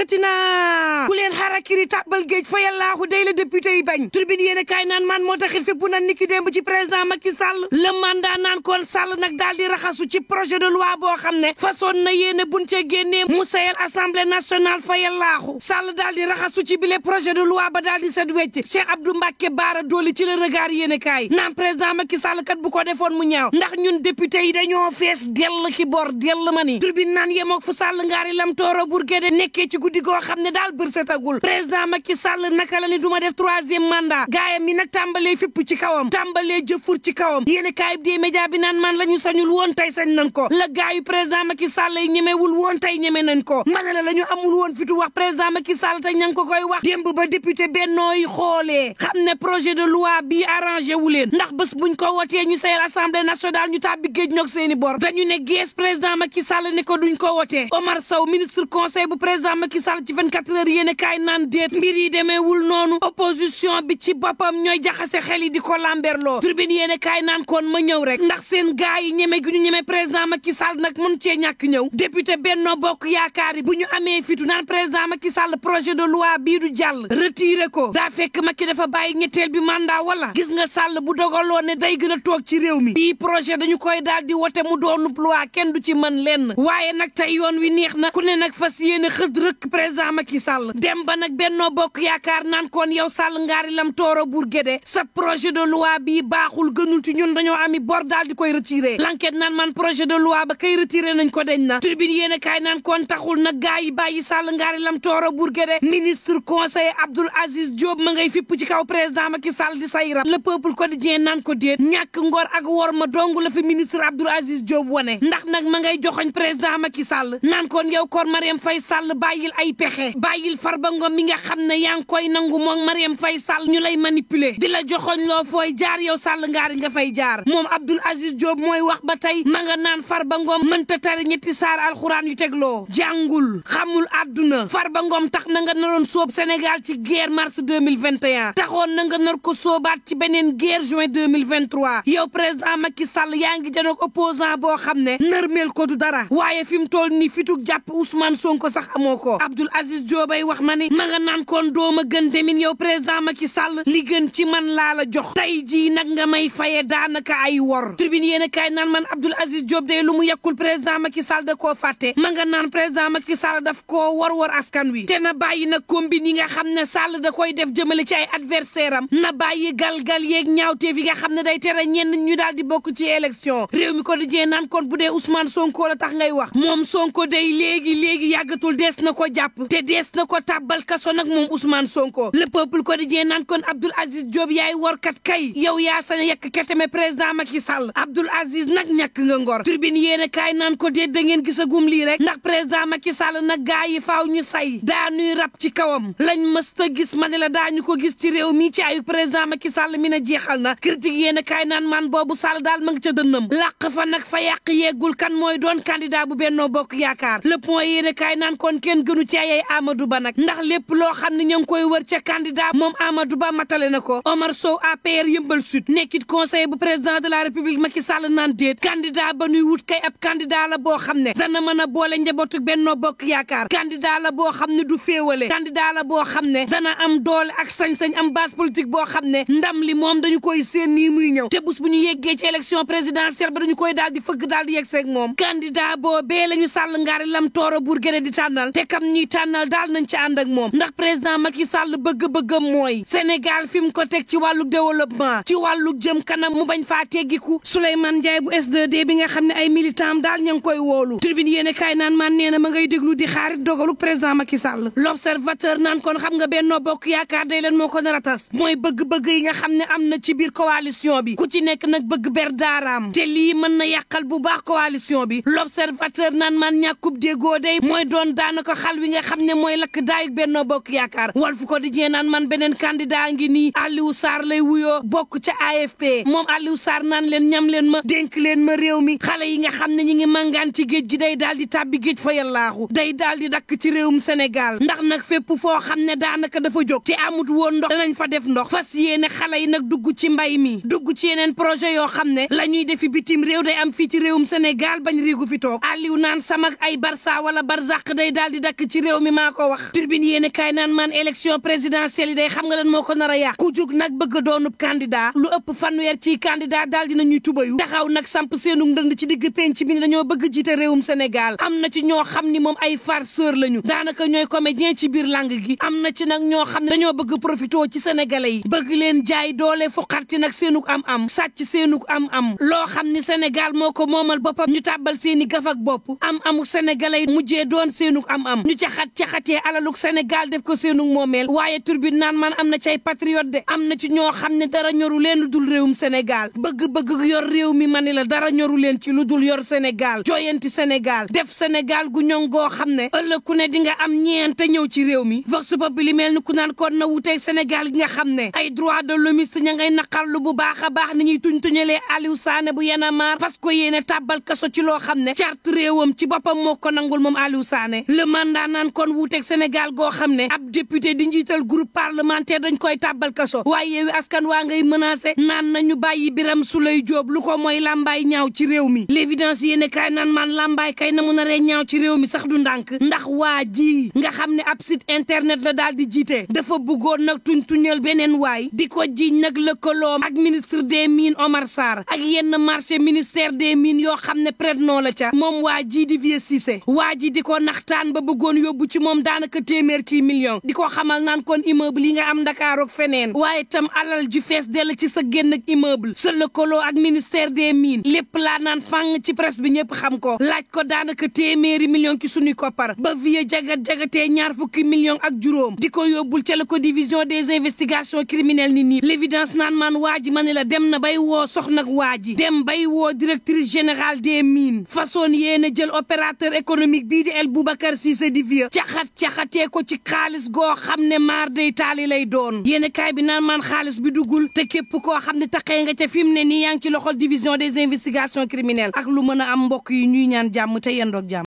yëkkati naa ku leen xarakiri tàbbal géej fa yàllaahu day la député yi bañ tribune yéen a naan maan moo taxit fi bu nan niki démb ci président Macky Sall le mandat naan kon Sall nag daal di raxasu ci projet de loi boo xam ne façon na yéen a buñ ca génnee mu sayal assemblée nationale fa yàllaahu Sall daal di raxasu ci bile projet de loi ba daal di set wecc Cheikh Abdou Mbacke Baara dooli ci le regard yéen a naan président Macky Sall kat bu ko defoon mu ñaaw ndax ñun député yi dañoo fees dell ki bor dell ma ni tribune naan yemook fu Sall ngaari lam tooro burgé guddi goo xam ne daal bër setagul président Macky Sall naka la ni duma def troisième mandat gaayam yi nag tàmbalee fipp ci kawam tàmbalee jëfur ci kawam yéeni kaayib dee média bi naan man la sañul woon tey sañ nañ ko la gaayu président Macky Sall yi ñemewul ko ko koy wax démb ba député bennoo yi xoolee xam ne projet de loi bi arrangé wu leen ndax bés buñ ko wotee ñu sayal assemblée nationale ñu tàbbi géej ñoog seeni bor dañu ne gees président Macky Sall ne ko duñ ko Macky Sall ci 24 heures yéen a kaay naan déet mbir yi demeewul noonu opposition bi ci boppam ñooy jaxase xel yi di ko lamberloo turbine yéen a kaay naan kon ma ñëw rek ndax seen gaay yi ñeme gi ñu ñeme président ki Sall nag mën cee ñàkk ñëw député Benno Bokk Yaakaar yi bu ñu amee fitu naan président ma ki Sall projet de loi bii du jàll retiré ko daa fekk ma Macky dafa bàyyi ñetteel bi mandat wala gis nga sàll bu dogaloo ne day gën a toog ci réew mi bii projet dañu koy daal di wote mu doonub loi kenn du ci mën lenn waaye nag tey yoon wi neex na ku ne nag fas yéene xët rëkk président Macky Sall dem ba nag bennoo bokk yaakaar naan koon yow Sall ngaari lam tooro buur gédé sa projet de loi bi baaxul gënul ci ñun dañoo ami bor daal di koy retiré l'enquête naan man projet de loi ba kay retiré nañ ko deñ na tribune yéen a kaay naan taxul nag yi bàyyi Sall ngaari lam tooro buur gédé ministre conseil Abdoul Aziz Diop ma ngay fipp ci kaw président Macky Sall di sayram le peuple quotidien naan ko déet ñàkk ngor ak wor ma dong la fi ministre Abdoul Aziz Diop ndax nag ma ngay joxoñ président Macky Sall naan koon yow koor Mariam Faye Sall bàyyil ay pexe far ba Ngom mi nga xam ne yaa ngi koy nangu moom Mariam fay Sall ñu lay manipuler di la joxoñ loo fooy jaar yow Sall ngaari nga fay jaar moom Abdoul Aziz Diop mooy wax ba tey ma nga naan Farba Ngom mënta tari ñetti saar alxuraan yu tegloo jàngul xamul far ba ngoom tax na nga naroon soob Sénégal ci guerre mars 2021 taxoon na nga nar ko soobaat ci beneen guerre juin 2023 yow président Macky Sall yaa ngi janoog opposant boo xam ne nërmeel ko du dara waaye fi mu toll nii fitug jàpp Ousmane Sonko sax amoo ko Abdoul Aziz Diobay wax ma ne ma nga naan kon dooma gën demin yow président Macky Sall li gën ci man laa la jox tey jii nag nga may faye daanaka ay wor tribune yéen a kaay naan man Abdoul Aziz Diop day lu mu yekkul président Macky Sall da koo fàtte ma nga naan président Macky Sall daf ko war war askan wi te na bàyyi nag combine yi nga xam ne Sall da koy def jëmale ci ay adversaire am na gal galgal yeeg ñaawteef yi nga xam ne day tere ñenn ñu daal di bokk ci élection réew mi ko di jee naan kon bu dee Ousmane Sonko la tax ngay wax moom Sonko day léegi léegi yàggatul des na ko jàpp te dees na ko tàbbal kaso nag moom Ousmane Sonko le peuple quotidien naan kon Abdoul Aziz Diop yaay workat kay yow yaa sañ a yekk keteme président Macky Sall Abdoul Aziz nag ñàkk nga ngor tribune yéen a kaay naan ko déet da ngeen gisagum lii rek ndax président Macky Sall nag gaa yi faaw ñu say daanuy rab ci kawam lañ mësta gis ma ne la daañu ko gis ci réew mi ci ayu président Macky Sall mi na jeexal na critique yéen a kaay naan man boobu Sall daal ma ngi ca dënnam làq fa nag fa yàq yeggul kan mooy doon candidat a kaay naan kon kenn daanu ci ayay Ba nag ndax lépp loo xam ne ña ngi koy wër ca candidat moom Amadou Ba matale na ko Omar Sow APR yëmbal sud nekkit conseiller bu président de la république Macky Sall naan déet candidat ba nuy wut kay ab candidat la boo xam ne dana mën a boole njabootu Benno Bokk Yaakaar candidat la boo xam ne du féewale candidat la boo xam ne dana am doole ak sañ-sañ am base politique boo xam ne ndam li moom dañu koy séen nii muy ñëw te bés bu ñu yeggee ci élection présidentielle ba dañu koy daal di fëgg daal di yegg seeg moom candidat boobee la ñu sàll ngaari di tànnal ñuy tànnal daal nañ ci ànd moom ndax président Macky Sall bëgg-bëggam mooy Sénégal fi mu ko teg ci wàllu développement ci wàllu jëm kanam mu bañ faa teggiku Souleymane Ndiaye bu S2D bi nga xam ne ay militant am daal ña ngi koy woolu tribune yéene kaay naan man nee na ma ngay déglu di xaarit dogalu président Macky Sall l'observateur naan kon xam nga Benno bok Yaakaar day leen moo ko nar a tas mooy bëgg-bëgg yi nga xam ne am na ci biir coalition bi ku ci nekk nag bëgg ber daaraam te lii mën na yàqal bu baax coalition bi l'observateur naan man ñàkkub déggoo day mooy doon daanaka wi nga xam ne mooy lakk daayug Benno Bokk Yaakaar fu ko Quotidien naan man beneen candidat ngi nii Aliou Sarr lay wuyoo bokk ca AFP moom Aliou Sarr naan leen ñam leen ma dénk leen ma réew mi xale yi nga xam ne ñi ngi màngaan ci géej gi day daal di tàbbi géej fa yallaaxu day daal di dakk ci réew réewum Sénégal ndax nag fépp foo xam ne daanaka dafa jóg ci amut woon ndox danañ fa def ndox fas yéene xale yi nag dugg ci mbay mi dugg ci yeneen projet yoo xam ne la ñuy defi bitim réew day am fii ci réewum Sénégal bañ riigu fi toog naan sama ay barsa wala barzaq day daal di dakk ci réew mi maa ko wax turbine yéene i kaay naan maan élection présidentielle yi day xam nga lan moo ko nar a yàq ku nag bëgg doonu doonub candidat lu ëpp fanweer ci candidat daal dina ñuy tubayu taxaw nag samp seenu ndënd ci digg penc bi ni dañoo bëgg jiite réewum Sénégal am na ci ñoo xam ni moom ay farceur lañu daanaka ñooy kome comédien ci biir langue gi am na ci nag ñoo xam ne dañoo bëgg profitoo ci sénégalais yi bëgg leen jaay doole fu ci nag seenuk am am sàcc seenuk am am loo xam ni Sénégal moo ko moomal boppam ñu tàbbal seeni gafak bopp am amu sénégalais yi mujjee doon seenuk am caxat-caxatee alaluk Sénégal def ko seenu moomeel waaye turbine naan man am na cay patriote de am na ci ñoo xam ne dara ñoru leen lu dul réewum Sénégal bëgg-bëgg yor réew mi ma ni la dara ñoru leen ci lu dul yor Sénégal joyanti Sénégal def Sénégal gu ñoŋ goo xam ne ëllëg ku ne di nga am ñeent te ñëw ci réew mi vox populi li mel ni ku naan kon na wuteeg Sénégal gi nga xam ne ay droit de l'hommiste ña ngay naqarlu bu baax a baax ni ñuy tuñ-tuñalee Aliou Sané bu Y'en a marre parce que yéene tàbbal kaso ci loo xam ne charte réewam ci boppam moo ko nangul moom Aliou Sané le naan kon wuteek Sénégal goo xam ne ab député di njiital groupe parlementaire dañ koy tàbbal kaso waaye yeewi askan waa ngay menacé naan nañu bàyyi biram Souleye Diop lu ko mooy làmbaay ñaaw ci réew mi l'évidence yéene kaay naan man làmbaay kay na mu nar a ñaaw ci réew mi sax du ndànk ndax waa ji nga xam ne ab site internet la daal di jiite dafa bëggoon nag tuñ tuñal beneen waay di ko jiiñ nag lëkkaloom ak ministre des mines Omar Sarr ak yenn marché ministère des mines yoo xam ne prête noo la ca moom waa ji di Vieux waa ji di ko naxtaan ba bëggoon yóbbu ci moom daanaka téeméer ci million di ko xamal naan kon immeuble yi nga am Ndakaaru ak feneen waaye tam alal ji fees dell ci sa génn ak immeuble sa lëkkaloo ak ministère des mines lépp laa naan fang ci presse bi ñëpp xam ko laaj ko daanaka téeméeri million ci suñuy koppar ba vie jagat jagatee ñaar fukki million ak juróom di ko yóbbul ca la ko division des investigations criminelles ni nii l'évidence naan maan waa ji ma la dem na bay woo soxna waa ji dem bay woo directrice générale des mines façon yéena jël opérateur économique bii Via caxat caxatee ko ci xaalis goo xam ne maar day taali lay doon yéen kaay bi naan maan xaalis bi dugul te képp koo xam ne taxee nga ca fi mu ne nii yaa ci loxol division des investigations criminelles ak lu mën a am mbokk yi ñuy ñaan jàmm te yendoog jàmm